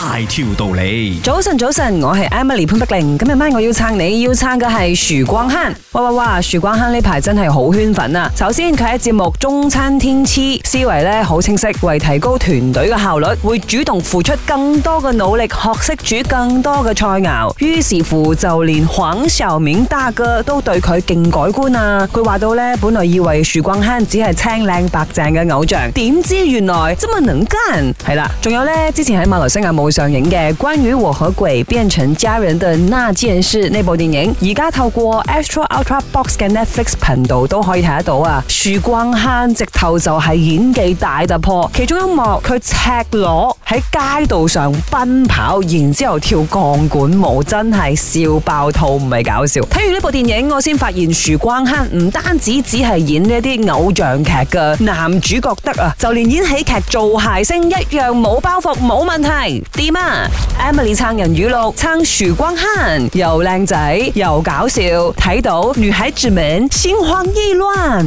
大條道理，早晨早晨，我係 Emily 潘碧玲。今日晚上我要撐你，要撐嘅係許光漢。哇哇哇，許光漢呢排真係好圈粉啊！首先佢喺節目《中餐天師》思維咧好清晰，為提高團隊嘅效率，會主動付出更多嘅努力，學識煮更多嘅菜肴。於是乎，就連黃曉明大哥都對佢勁改觀啊！佢話到咧，本來以為許光漢只係青靚白淨嘅偶像，點知原來真係能幹。係啦，仲有咧，之前喺馬來西亞冇上映嘅《關於我和鬼變成家人的那件事》呢部電影，而家透過 Astro Ultra Box 嘅 Netflix 頻道都可以睇得到啊！許光漢直頭就係演技大突破，其中一幕佢赤裸喺街道上奔跑，然之後跳鋼管舞，真係笑爆肚，唔係搞笑。睇完呢部電影，我先發現許光漢唔單止只係演呢啲偶像劇嘅男主角得啊，就連演喜劇做諧星一樣冇包袱，冇問題。啲嘛，Emily 撐人語錄，撐許光漢又靚仔又搞笑，睇到女孩子們心慌意亂。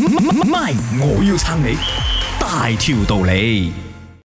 唔 係，我要撐你，大條道理。